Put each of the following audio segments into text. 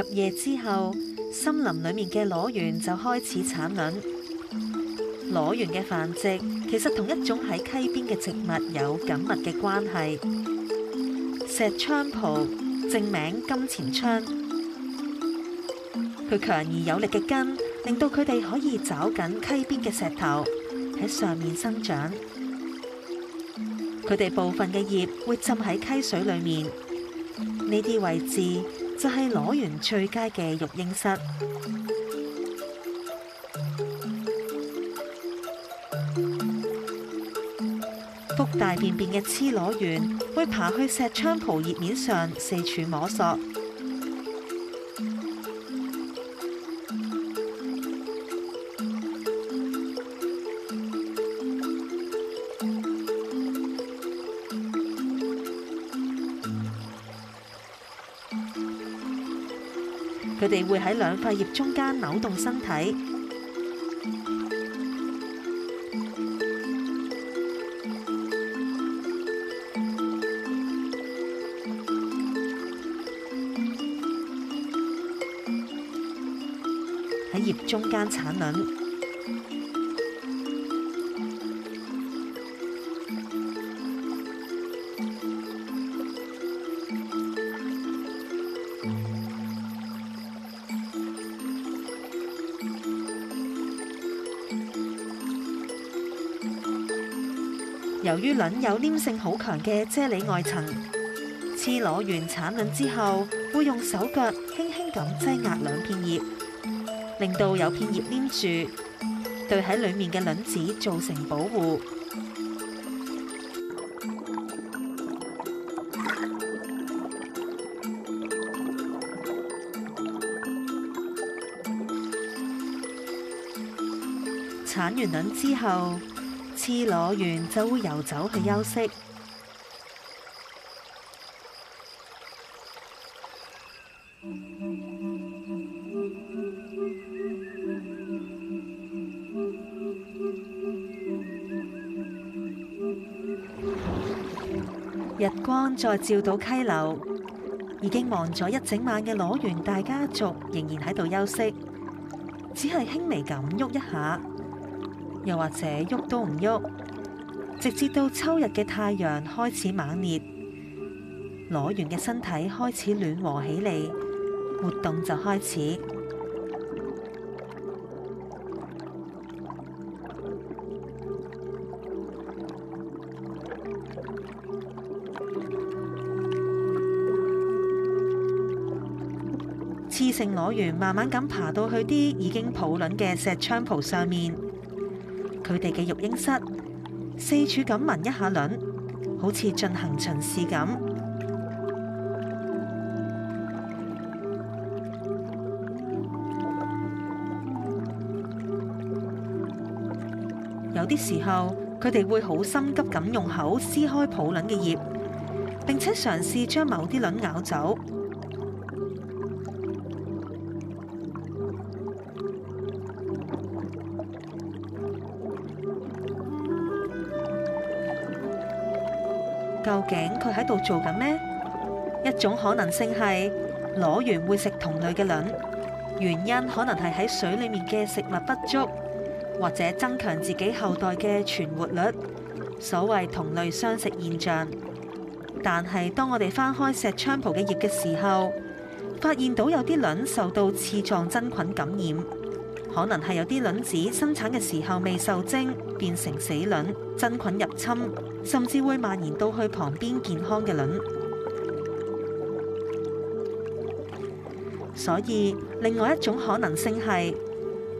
入夜之後，森林裏面嘅瘰螈就開始產卵。瘰螈嘅繁殖其實同一種喺溪邊嘅植物有緊密嘅關係。石菖蒲，正名金錢菖，佢強而有力嘅根，令到佢哋可以抓緊溪邊嘅石頭喺上面生長。佢哋部分嘅葉會浸喺溪水裏面，呢啲位置，就係瘰螈最佳嘅育嬰室，腹大便便嘅雌瘰螈，會爬去石菖蒲葉面上四處摸索。佢哋會喺兩塊葉中間扭動身體，喺葉中間產卵。由於卵有黏性好強嘅啫喱外層，雌螈完產卵之後，會用手腳輕輕咁擠壓兩片葉，令到有片葉黏住，對喺裡面嘅卵子造成保護。產完卵之後，雌瘰螈就會遊走去休息。日光再照到溪流，已經忙咗一整晚嘅瘰螈大家族，仍然喺度休息，只係輕微咁喐一下。又或者喐都唔喐，直至到秋日嘅太陽開始猛烈，瘰螈嘅身體開始暖和起嚟，活動就開始。雌性瘰螈慢慢咁爬到去啲已經抱卵嘅石菖蒲上面，佢哋嘅育嬰室，四處咁聞一下卵，好似進行巡視咁。有啲時候，佢哋會好心急咁用口撕開抱卵嘅葉，並且嘗試將某啲卵咬走。究竟佢喺度做緊咩？一種可能性係攞完會食同類嘅卵，原因可能係喺水裏面嘅食物不足，或者增強自己後代嘅存活率，所謂同類相食現象。但係當我哋翻開石菖蒲嘅葉嘅時候，發現到有啲卵受到刺狀真菌感染。可能係有啲卵子生產嘅時候未受精，變成死卵，真菌入侵，甚至會蔓延到去旁邊健康嘅卵。所以，另外一種可能性係，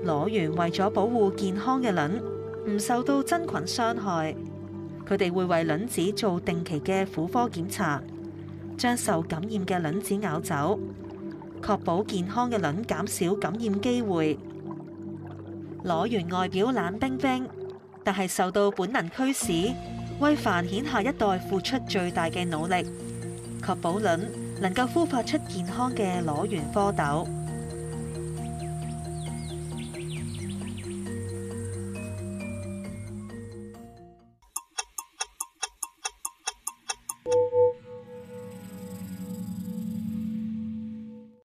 瘰螈為咗保護健康嘅卵唔受到真菌傷害，佢哋會為卵子做定期嘅婦科檢查，將受感染嘅卵子咬走，確保健康嘅卵減少感染機會。瘰螈外表冷冰冰，但係受到本能驅使，為繁衍下一代付出最大嘅努力，確保卵能夠孵化出健康嘅瘰螈蝌蚪。